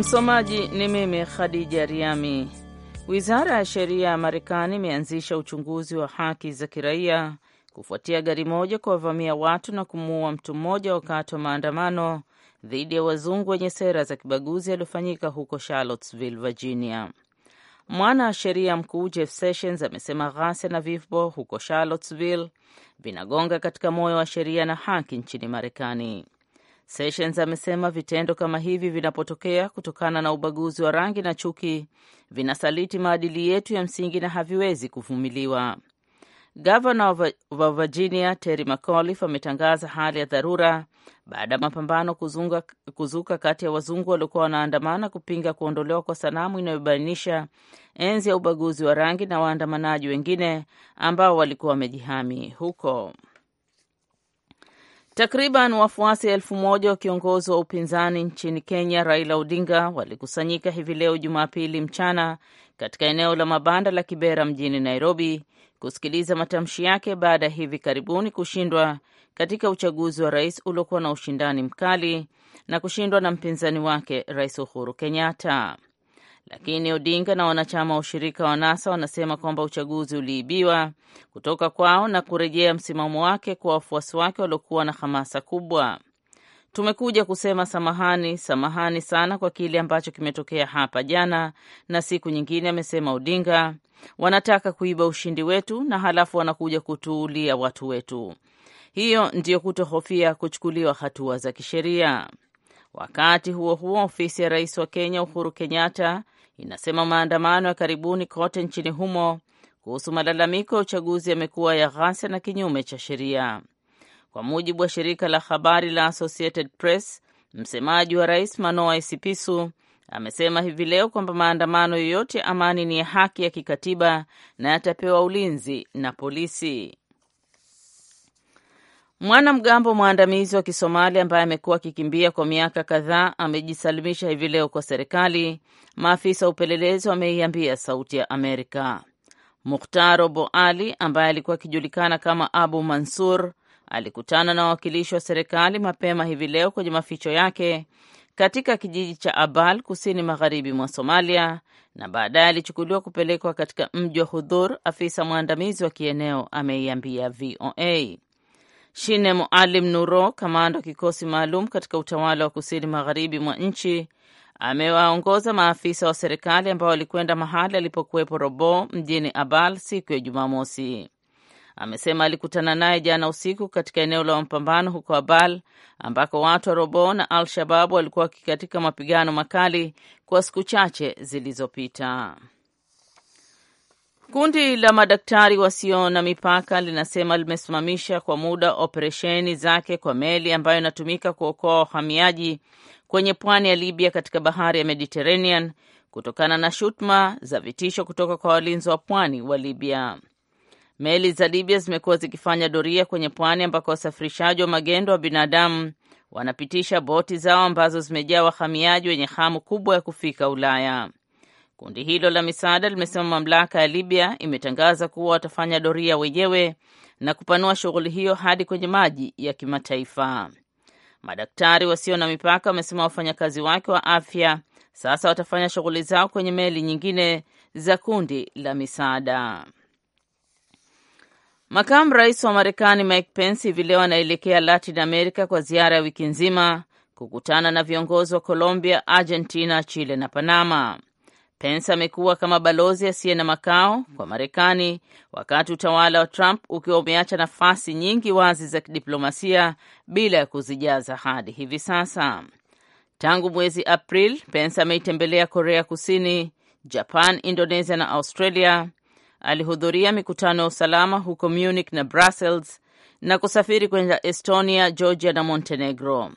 Msomaji ni mimi Khadija Riami. Wizara ya Sheria ya Marekani imeanzisha uchunguzi wa haki za kiraia kufuatia gari moja kuwavamia watu na kumuua mtu mmoja wakati wa maandamano dhidi ya wazungu wenye sera za kibaguzi yaliyofanyika huko Charlottesville, Virginia. Mwana wa sheria mkuu Jeff Sessions amesema ghasia na vifo huko Charlottesville vinagonga katika moyo wa sheria na haki nchini Marekani. Sessions amesema vitendo kama hivi vinapotokea kutokana na ubaguzi wa rangi na chuki vinasaliti maadili yetu ya msingi na haviwezi kuvumiliwa. Gavana wa Virginia Terry McAuliffe ametangaza hali ya dharura baada ya mapambano kuzunga, kuzuka kati ya wazungu waliokuwa wanaandamana kupinga kuondolewa kwa sanamu inayobainisha enzi ya ubaguzi wa rangi na waandamanaji wengine ambao walikuwa wamejihami huko. Takriban wafuasi elfu moja wa kiongozi wa upinzani nchini Kenya Raila Odinga walikusanyika hivi leo Jumapili mchana katika eneo la mabanda la Kibera mjini Nairobi kusikiliza matamshi yake baada ya hivi karibuni kushindwa katika uchaguzi wa rais uliokuwa na ushindani mkali na kushindwa na mpinzani wake Rais Uhuru Kenyatta lakini Odinga na wanachama wa ushirika wa NASA wanasema kwamba uchaguzi uliibiwa kutoka kwao na kurejea msimamo wake kwa wafuasi wake waliokuwa na hamasa kubwa. Tumekuja kusema samahani, samahani sana kwa kile ambacho kimetokea hapa jana na siku nyingine, amesema Odinga. Wanataka kuiba ushindi wetu na halafu wanakuja kutuulia watu wetu. Hiyo ndiyo kutohofia kuchukuliwa hatua za kisheria. Wakati huo huo, ofisi ya rais wa Kenya Uhuru Kenyatta inasema maandamano ya karibuni kote nchini humo kuhusu malalamiko ya uchaguzi yamekuwa ya ghasia na kinyume cha sheria. Kwa mujibu wa shirika la habari la Associated Press, msemaji wa rais Manoa Esipisu amesema hivi leo kwamba maandamano yoyote ya amani ni ya haki ya kikatiba na yatapewa ulinzi na polisi. Mwanamgambo mwandamizi wa Kisomali ambaye amekuwa akikimbia kwa miaka kadhaa amejisalimisha hivi leo kwa serikali, maafisa wa upelelezi wameiambia Sauti ya Amerika. Mukhtar Obo Ali ambaye alikuwa akijulikana kama Abu Mansur alikutana na wawakilishi wa serikali mapema hivi leo kwenye maficho yake katika kijiji cha Abal kusini magharibi mwa Somalia, na baadaye alichukuliwa kupelekwa katika mji wa Hudhur. Afisa mwandamizi wa kieneo ameiambia VOA Shine Mualim Nuro, kamanda wa kikosi maalum katika utawala wa kusini magharibi mwa nchi, amewaongoza maafisa wa serikali ambao walikwenda mahali alipokuwepo Robo mjini Abal siku ya Jumamosi. Amesema alikutana naye jana usiku katika eneo la mapambano huko Abal ambako watu wa Robo na Al Shababu walikuwa wakikatika mapigano makali kwa siku chache zilizopita. Kundi la madaktari wasio na mipaka linasema limesimamisha kwa muda operesheni zake kwa meli ambayo inatumika kuokoa wahamiaji kwenye pwani ya Libya katika bahari ya Mediterranean kutokana na shutuma za vitisho kutoka kwa walinzi wa pwani wa Libya. Meli za Libya zimekuwa zikifanya doria kwenye pwani ambako wasafirishaji wa magendo wa binadamu wanapitisha boti zao ambazo zimejaa wahamiaji wenye hamu kubwa ya kufika Ulaya. Kundi hilo la misaada limesema mamlaka ya Libya imetangaza kuwa watafanya doria wenyewe na kupanua shughuli hiyo hadi kwenye maji ya kimataifa. Madaktari wasio na mipaka wamesema wafanyakazi wake wa afya sasa watafanya shughuli zao kwenye meli nyingine za kundi la misaada. Makamu rais wa Marekani Mike Pence hivi leo anaelekea Latin America kwa ziara ya wiki nzima kukutana na viongozi wa Colombia, Argentina, Chile na Panama. Pence amekuwa kama balozi asiye na makao kwa Marekani wakati utawala wa Trump ukiwa umeacha nafasi nyingi wazi za kidiplomasia bila ya kuzijaza hadi hivi sasa. Tangu mwezi Aprili, Pence ameitembelea Korea Kusini, Japan, Indonesia na Australia. Alihudhuria mikutano ya usalama huko Munich na Brussels na kusafiri kwenda Estonia, Georgia na Montenegro.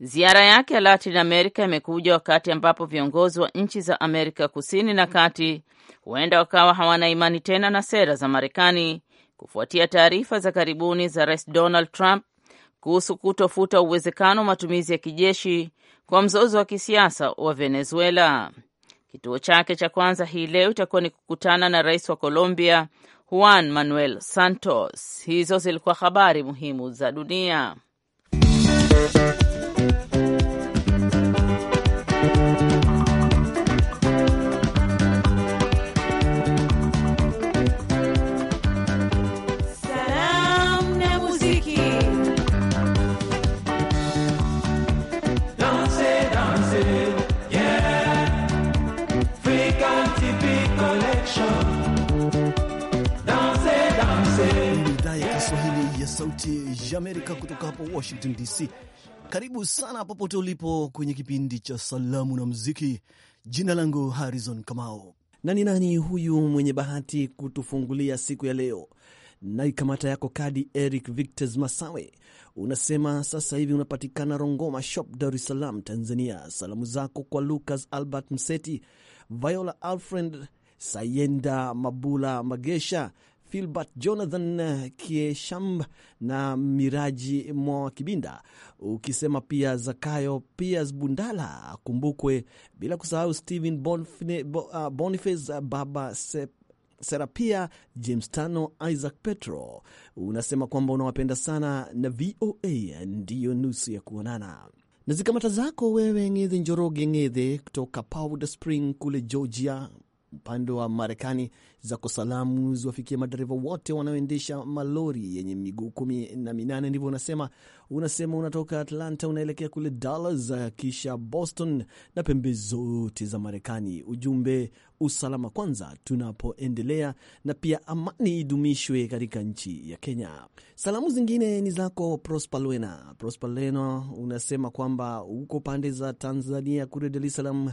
Ziara yake ya Latin America imekuja wakati ambapo viongozi wa nchi za Amerika Kusini na Kati huenda wakawa hawana imani tena na sera za Marekani kufuatia taarifa za karibuni za Rais Donald Trump kuhusu kutofuta uwezekano wa matumizi ya kijeshi kwa mzozo wa kisiasa wa Venezuela. Kituo chake cha kwanza hii leo itakuwa ni kukutana na Rais wa Colombia Juan Manuel Santos. Hizo zilikuwa habari muhimu za dunia. Sauti ya Amerika kutoka hapo Washington DC. Karibu sana popote ulipo kwenye kipindi cha Salamu na Muziki. Jina langu Harrison Kamao. Nani nani huyu mwenye bahati kutufungulia siku ya leo? Naikamata yako kadi, Eric Victes Masawe, unasema sasa hivi unapatikana Rongoma Shop, Dar es Salaam, Tanzania. Salamu zako kwa Lucas Albert Mseti, Viola Alfred Sayenda Mabula Magesha Filbert Jonathan Kieshamb na Miraji Mwa Kibinda, ukisema pia Zakayo Pias Bundala akumbukwe, bila kusahau Stephen uh, Boniface, uh, Baba Sep Serapia James Tano, Isaac Petro. Unasema kwamba unawapenda sana na VOA ndiyo nusu ya kuonana na zikamata zako wewe. Ngedhe Njoroge Ngedhe kutoka Powder Spring kule Georgia, upande wa Marekani zako salamu ziwafikia madereva wote wanaoendesha malori yenye miguu kumi na minane, ndivyo unasema. Unasema unatoka Atlanta unaelekea kule Dallas, kisha Boston na pembe zote za Marekani. Ujumbe usalama kwanza tunapoendelea, na pia amani idumishwe katika nchi ya Kenya. Salamu zingine ni zako Prospalwena. Prospalwena unasema kwamba uko pande za Tanzania kule Dar es Salaam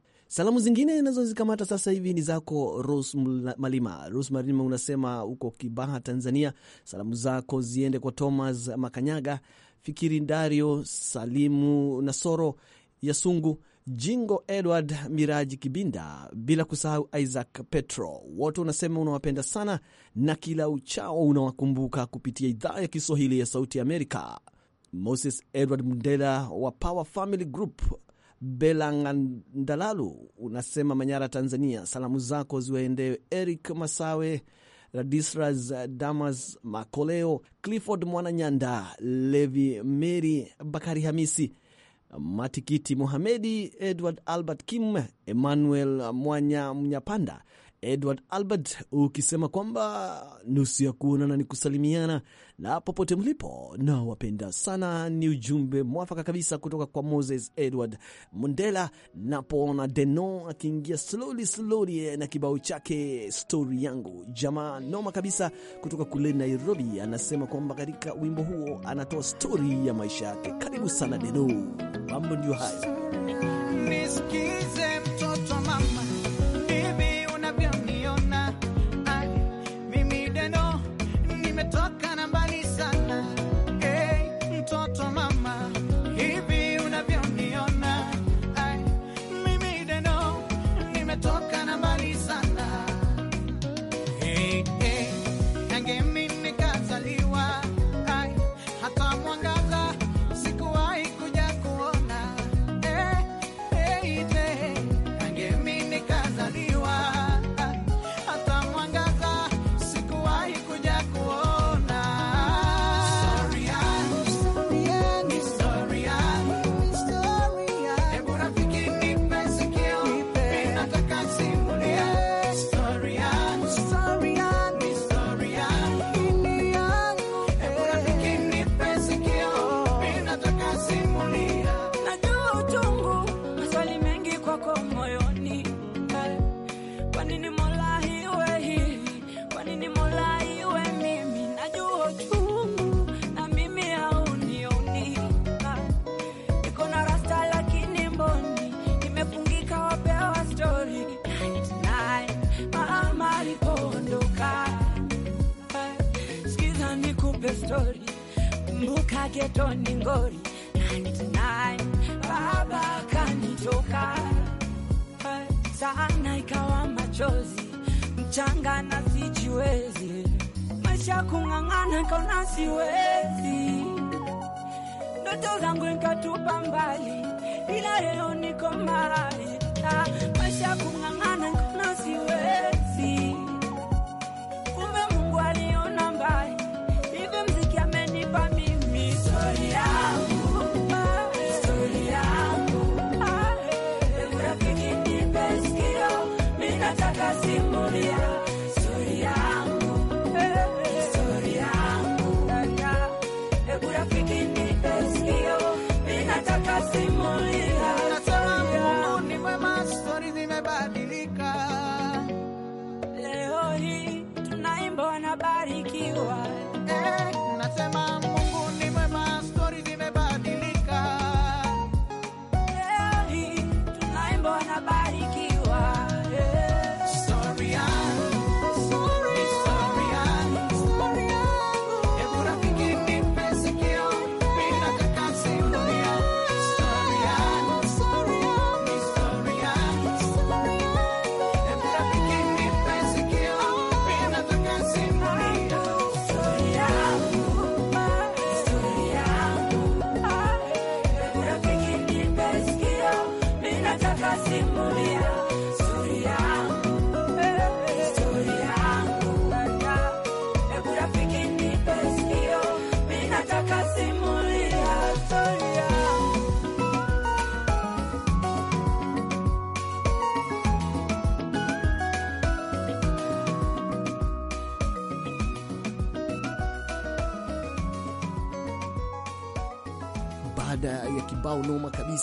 Salamu zingine nazozikamata sasa hivi ni zako Rose Malima. Rose Malima unasema uko Kibaha, Tanzania. Salamu zako ziende kwa Thomas Makanyaga, Fikiri Dario, Salimu Nasoro, Yasungu Jingo, Edward Miraji Kibinda, bila kusahau Isaac Petro. Wote unasema unawapenda sana na kila uchao unawakumbuka kupitia idhaa ya Kiswahili ya Sauti ya Amerika. Moses Edward Mndela wa Power Family Group Belangandalalu unasema Manyara, Tanzania. Salamu zako ziwaendee Eric Masawe, Radisras Damas Makoleo, Clifford Mwananyanda, Levi Meri, Bakari Hamisi, Matikiti Mohamedi, Edward Albert Kim, Emmanuel Mwanya Mnyapanda, Edward Albert ukisema kwamba nusu ya kuonana ni kusalimiana, na popote mlipo nawapenda sana. Ni ujumbe mwafaka kabisa kutoka kwa Moses Edward Mundela napoona Deno akiingia slowly slowly eh, na kibao chake stori yangu. Jamaa noma kabisa kutoka kule Nairobi, anasema kwamba katika wimbo huo anatoa stori ya maisha yake. Karibu sana Deno, mambo ndio haya. Nakumbuka getoni Ngori 99 baba kanitoka sana, ikawa machozi mchanga na sijiwezi, maisha kung'ang'ana kaona siwezi, ndoto zangu nikatupa mbali, ila leo niko mahali ah, maisha kung'ang'ana melodía.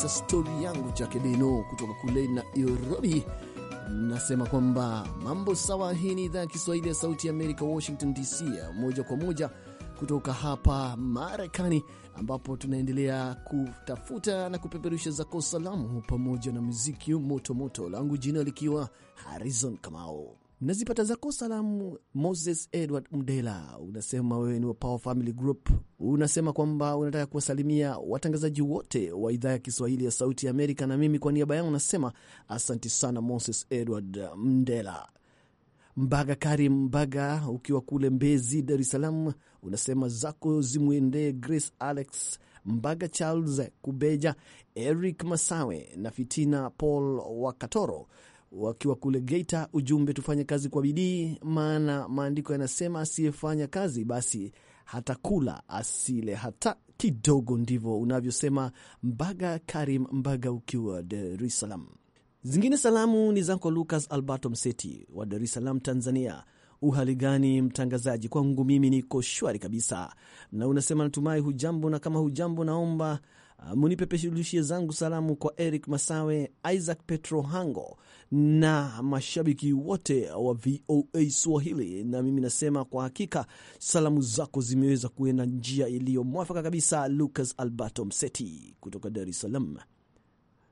cha stori yangu cha Kedeno kutoka kule Nairobi. Nasema kwamba mambo sawa. Hii ni idhaa ya Kiswahili ya Sauti ya Amerika, Washington DC, moja kwa moja kutoka hapa Marekani, ambapo tunaendelea kutafuta na kupeperusha zako salamu pamoja na muziki moto moto, langu jina likiwa Harrison Kamao. Nazipata zako salamu. Moses Edward Mdela, unasema wewe ni wa Power Family Group. Unasema kwamba unataka kuwasalimia watangazaji wote wa idhaa ya Kiswahili ya Sauti ya Amerika, na mimi kwa niaba yangu nasema asanti sana Moses Edward Mdela. Mbaga Karim Mbaga, ukiwa kule Mbezi, Dar es Salaam, unasema zako zimwendee Grace Alex Mbaga, Charles Kubeja, Eric Masawe na Fitina Paul Wakatoro wakiwa kule Geita. Ujumbe, tufanye kazi kwa bidii, maana maandiko yanasema asiyefanya kazi basi hata kula asile hata kidogo. Ndivyo unavyosema Mbaga Karim Mbaga ukiwa Dar es Salaam. Zingine salamu ni zako Lucas Alberto Mseti wa Dar es Salaam, Tanzania. Uhali gani mtangazaji? Kwangu mimi niko shwari kabisa, na unasema natumai hujambo, na kama hujambo, naomba Ah, munipepeshulishie zangu salamu kwa Eric Masawe, Isaac Petro Hango na mashabiki wote wa VOA Swahili. Na mimi nasema kwa hakika salamu zako zimeweza kuenda njia iliyomwafaka kabisa. Lucas Alberto Mseti kutoka Dar es Salaam.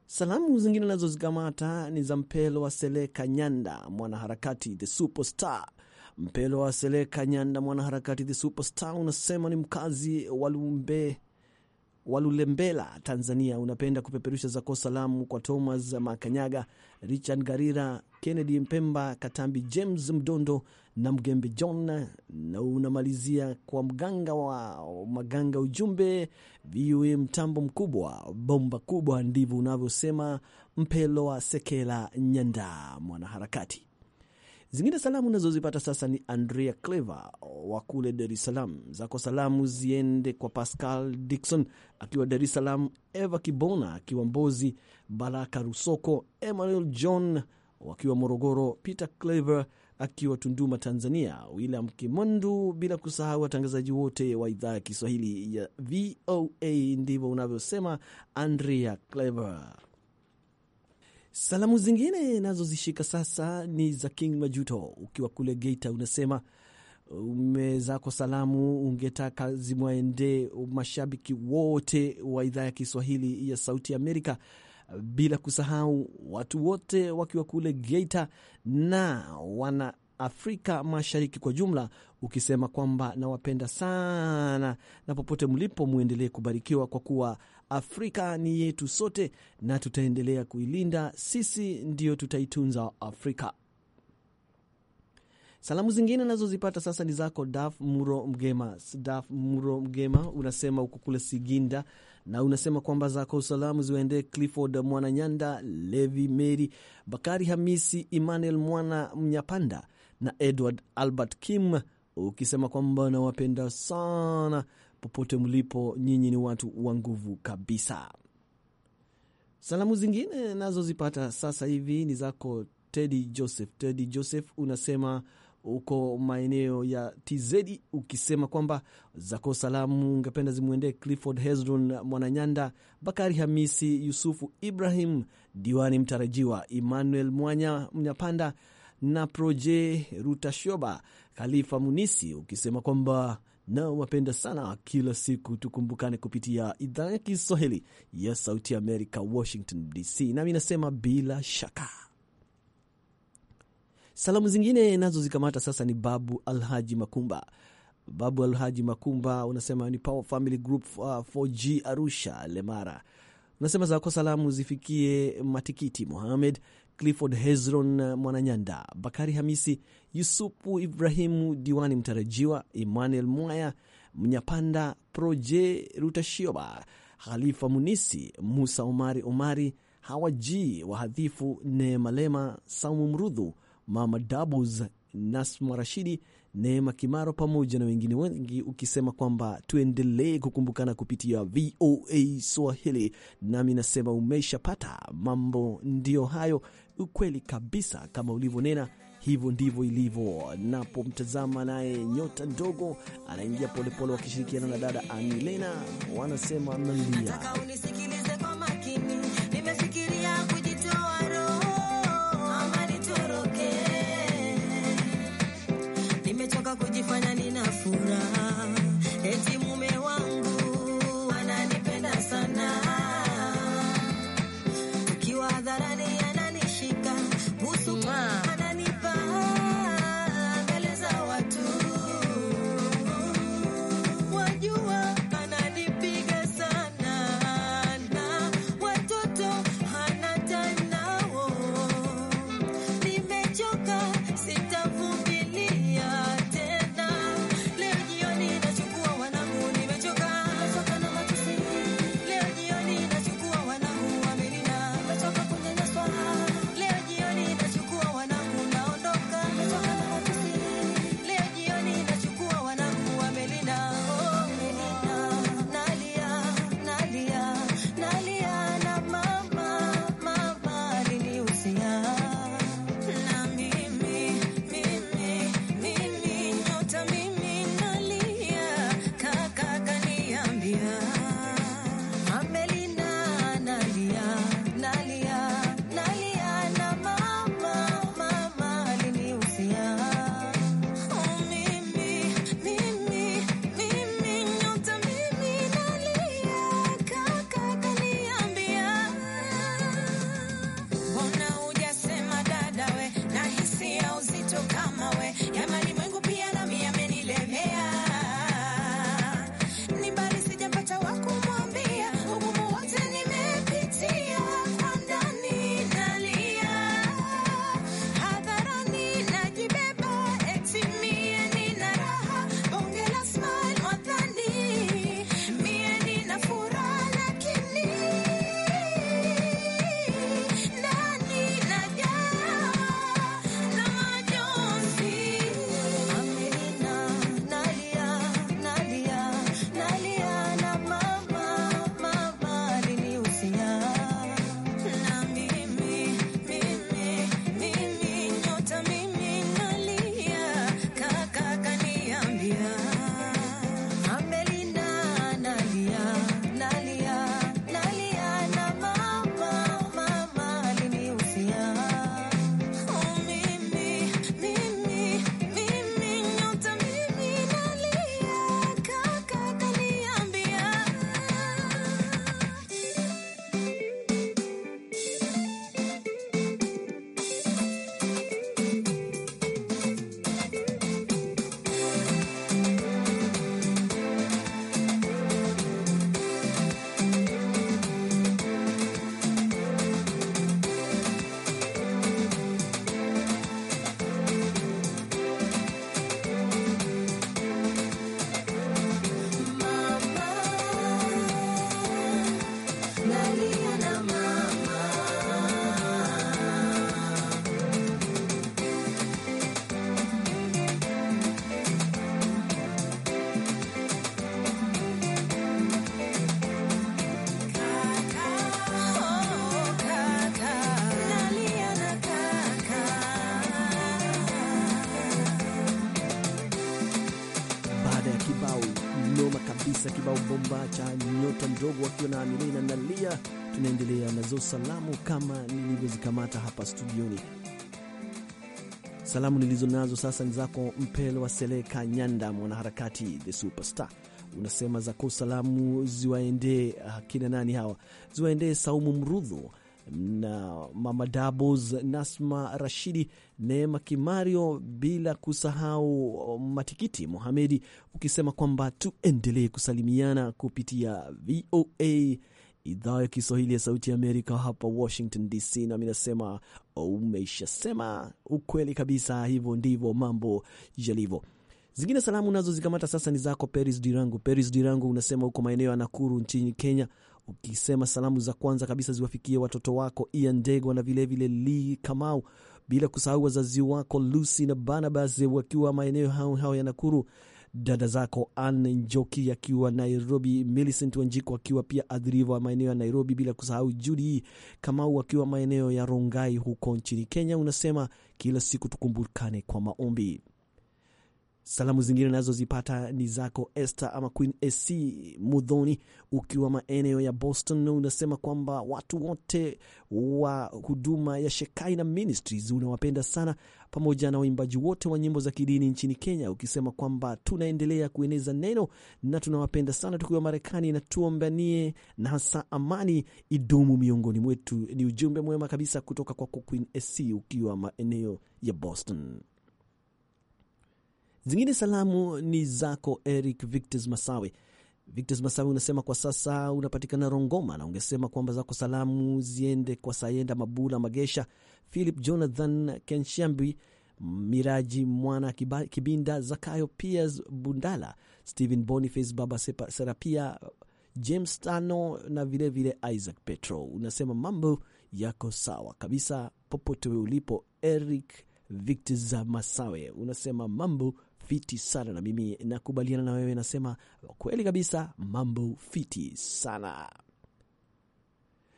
Salamu zingine nazozikamata ni za Mpelo wa Seleka Nyanda, mwanaharakati the superstar. Mpelo wa Seleka Nyanda, mwanaharakati the superstar, unasema ni mkazi wa Lumbe Walulembela, Tanzania, unapenda kupeperusha zako salamu kwa Thomas Makanyaga, Richard Garira, Kennedy Mpemba, Katambi James Mdondo na Mgembe John, na unamalizia kwa mganga wa maganga. Ujumbe VOA mtambo mkubwa, bomba kubwa, ndivyo unavyosema Mpelo wa Sekela Nyanda, mwanaharakati Zingine salamu unazozipata sasa ni Andrea Clever wa kule Dar es Salaam. Zako salamu ziende kwa Pascal Dikson akiwa Dar es Salaam, Eva Kibona akiwa Mbozi, Baraka Rusoko, Emmanuel John wakiwa Morogoro, Peter Clever akiwa Tunduma, Tanzania, William Kimundu, bila kusahau watangazaji wote wa idhaa ya Kiswahili ya VOA. Ndivyo unavyosema Andrea Clever. Salamu zingine nazozishika sasa ni za King Majuto, ukiwa kule Geita, unasema umezako salamu ungetaka zimwaendee mashabiki wote wa idhaa ya Kiswahili ya Sauti Amerika, bila kusahau watu wote wakiwa kule Geita na wana Afrika Mashariki kwa jumla, ukisema kwamba nawapenda sana na popote mlipo mwendelee kubarikiwa, kwa kuwa Afrika ni yetu sote na tutaendelea kuilinda. Sisi ndio tutaitunza Afrika. Salamu zingine nazozipata sasa ni zako Daf Muro Mgema. Daf Muro Mgema unasema uko kule Siginda na unasema kwamba zako salamu ziwaendee Clifford Mwananyanda, Levi Meri, Bakari Hamisi, Emmanuel Mwana Mnyapanda na Edward Albert Kim, ukisema kwamba nawapenda sana popote mlipo, nyinyi ni watu wa nguvu kabisa. Salamu zingine nazozipata sasa hivi ni zako Tedi Joseph. Tedi Joseph unasema uko maeneo ya TZ, ukisema kwamba zako salamu ungependa zimwendee Clifford Hezron Mwananyanda, Bakari Hamisi, Yusufu Ibrahim, diwani mtarajiwa Emmanuel Mwanya Mnyapanda na Proje Rutashoba, Khalifa Munisi, ukisema kwamba na wapenda sana. Kila siku tukumbukane kupitia idhaa ya Kiswahili ya Sauti ya Amerika, Washington DC, nami nasema bila shaka salamu zingine nazo zikamata sasa. Ni Babu Alhaji Makumba. Babu Alhaji Makumba unasema ni Power Family Group 4G uh, Arusha Lemara, unasema zako salamu zifikie Matikiti Mohamed Clifford Hezron Mwananyanda, Bakari Hamisi, Yusupu Ibrahimu, diwani mtarajiwa Emmanuel Mwaya, Mnyapanda Proje Rutashioba, Khalifa Munisi, Musa Omari Omari, G wahadhifu Neema Lema, Saumu Mrudhu, Mama Dabus, Nasma Rashidi, Neema Kimaro pamoja na wengine wengi, ukisema kwamba tuendelee kukumbukana kupitia VOA Swahili. Nami nasema umeshapata mambo, ndiyo hayo ukweli kabisa, kama ulivyonena, hivyo ndivyo ilivyo. Napomtazama naye nyota ndogo anaingia polepole, wakishirikiana na dada Anilena wanasema nalia na Milena na Lia tunaendelea nazo salamu kama nilivyozikamata hapa studioni. Salamu nilizo nazo sasa ni zako wa Seleka Nyanda, mwanaharakati the superstar. Unasema zako salamu ziwaendee akina ah, nani hawa? Ziwaendee Saumu Mrudho na Mama Dabos, Nasma Rashidi, Neema Kimario, bila kusahau Matikiti Muhamedi, ukisema kwamba tuendelee kusalimiana kupitia VOA idhaa ya Kiswahili ya Sauti ya Amerika hapa Washington DC. Nami nasema umeishasema ukweli kabisa, hivyo ndivyo mambo yalivyo. Zingine salamu nazo zikamata sasa ni zako Peris Dirangu. Peris Dirangu unasema huko maeneo ya Nakuru nchini Kenya ukisema salamu za kwanza kabisa ziwafikie watoto wako Ian Ndegwa na vilevile Lee Kamau, bila kusahau wazazi wako Lucy na Barnabas wakiwa maeneo hao hao ya Nakuru, dada zako an Njoki akiwa Nairobi, Millicent Wanjiko akiwa pia adhiriva wa maeneo ya Nairobi, bila kusahau Judy Kamau akiwa maeneo ya Rongai huko nchini Kenya. Unasema kila siku tukumbukane kwa maombi. Salamu zingine nazozipata ni zako Esther ama Queen AC Mudhoni, ukiwa maeneo ya Boston. Unasema kwamba watu wote wa huduma ya Shekina Ministries unawapenda sana, pamoja na waimbaji wote wa nyimbo za kidini nchini Kenya, ukisema kwamba tunaendelea kueneza neno na tunawapenda sana tukiwa Marekani, na tuombanie na hasa amani idumu miongoni mwetu. Ni ujumbe mwema kabisa kutoka kwako Queen AC ukiwa maeneo ya Boston. Zingine salamu ni zako Eric Victos Masawe. Victos Masawe unasema kwa sasa unapatikana Rongoma, na ungesema kwamba zako salamu ziende kwa Sayenda Mabula Magesha, Philip Jonathan Kenshambi, Miraji Mwana Kibinda, Zakayo Piers Bundala, Stephen Boniface, Baba Serapia, James Tano na vilevile vile Isaac Petro. Unasema mambo yako sawa kabisa popote we ulipo. Eric Victor Masawe unasema mambo fiti sana, na mimi nakubaliana na wewe, nasema kweli kabisa, mambo fiti sana.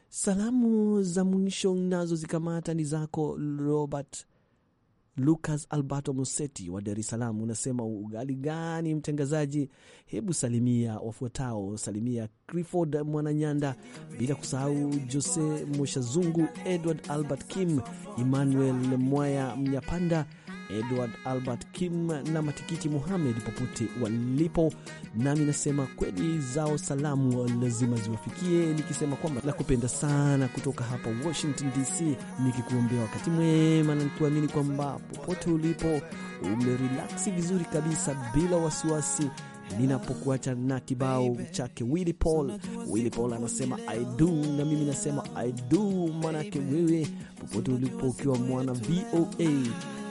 Salamu za mwisho nazo zikamata ni zako Robert Lucas Alberto Museti wa Dar es Salaam, unasema ugali gani mtangazaji? Hebu salimia wafuatao, salimia Clifford Mwananyanda, bila kusahau Jose Moshazungu, Edward Albert Kim, Emmanuel Mwaya Mnyapanda Edward Albert Kim na Matikiti Muhamed popote walipo, nami nasema kweli zao salamu lazima ziwafikie, nikisema kwamba nakupenda sana kutoka hapa Washington DC, nikikuombea wakati mwema na nikuamini kwamba popote ulipo umerilaksi vizuri kabisa bila wasiwasi ninapokuacha na kibao chake Willy Paul. Willy Paul anasema I do, na mimi nasema I do, manake wewe popote ulipo ukiwa mwana VOA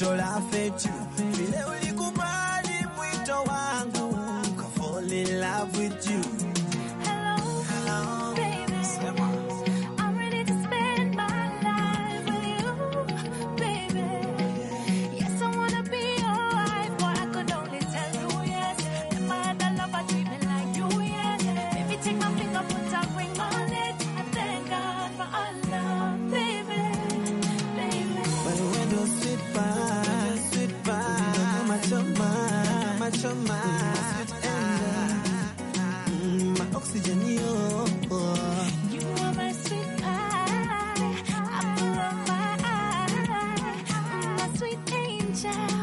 Angel, I fed you. 站。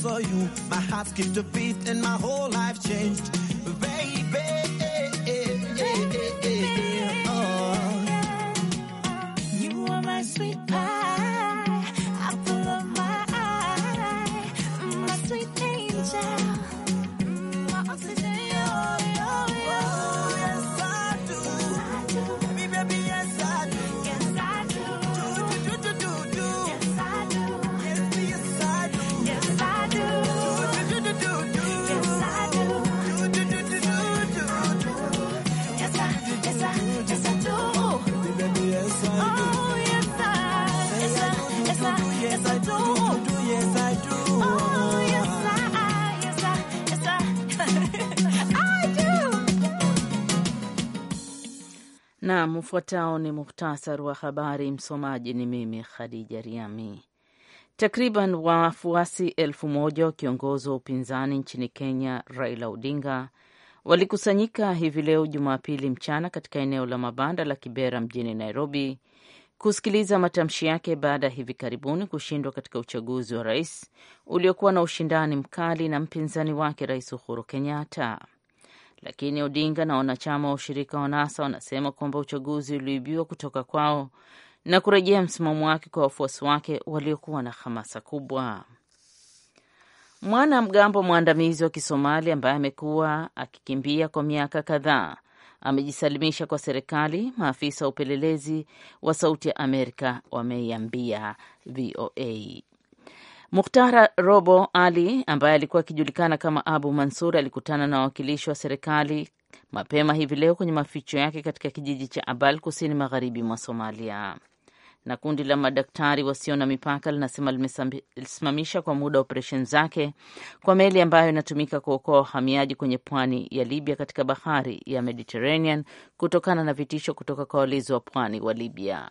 for you. My heart skipped a beat Ufuatao ni muhtasari wa habari. Msomaji ni mimi Khadija Riami. Takriban wafuasi elfu moja wa kiongozi wa upinzani nchini Kenya, Raila Odinga, walikusanyika hivi leo Jumapili mchana katika eneo la mabanda la Kibera mjini Nairobi kusikiliza matamshi yake baada ya hivi karibuni kushindwa katika uchaguzi wa rais uliokuwa na ushindani mkali na mpinzani wake Rais Uhuru Kenyatta lakini Odinga na wanachama wa ushirika wa NASA wanasema kwamba uchaguzi uliibiwa kutoka kwao na kurejea msimamo wake kwa wafuasi wake waliokuwa na hamasa kubwa. Mwana mgambo mwandamizi wa Kisomali ambaye amekuwa akikimbia kwa miaka kadhaa amejisalimisha kwa serikali, maafisa wa upelelezi wa Sauti ya Amerika wameiambia VOA mukhtara Robo Ali ambaye alikuwa akijulikana kama Abu Mansur alikutana na wawakilishi wa serikali mapema hivi leo kwenye maficho yake katika kijiji cha Abal kusini magharibi mwa Somalia. Na kundi la madaktari wasio na mipaka linasema limesimamisha kwa muda operesheni zake kwa meli ambayo inatumika kuokoa wahamiaji kwenye pwani ya Libya katika bahari ya Mediterranean kutokana na vitisho kutoka kwa walinzi wa pwani wa Libya.